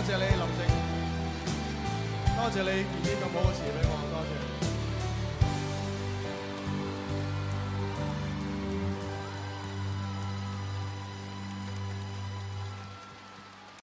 多謝你林靜，多謝你呢個好詞俾我。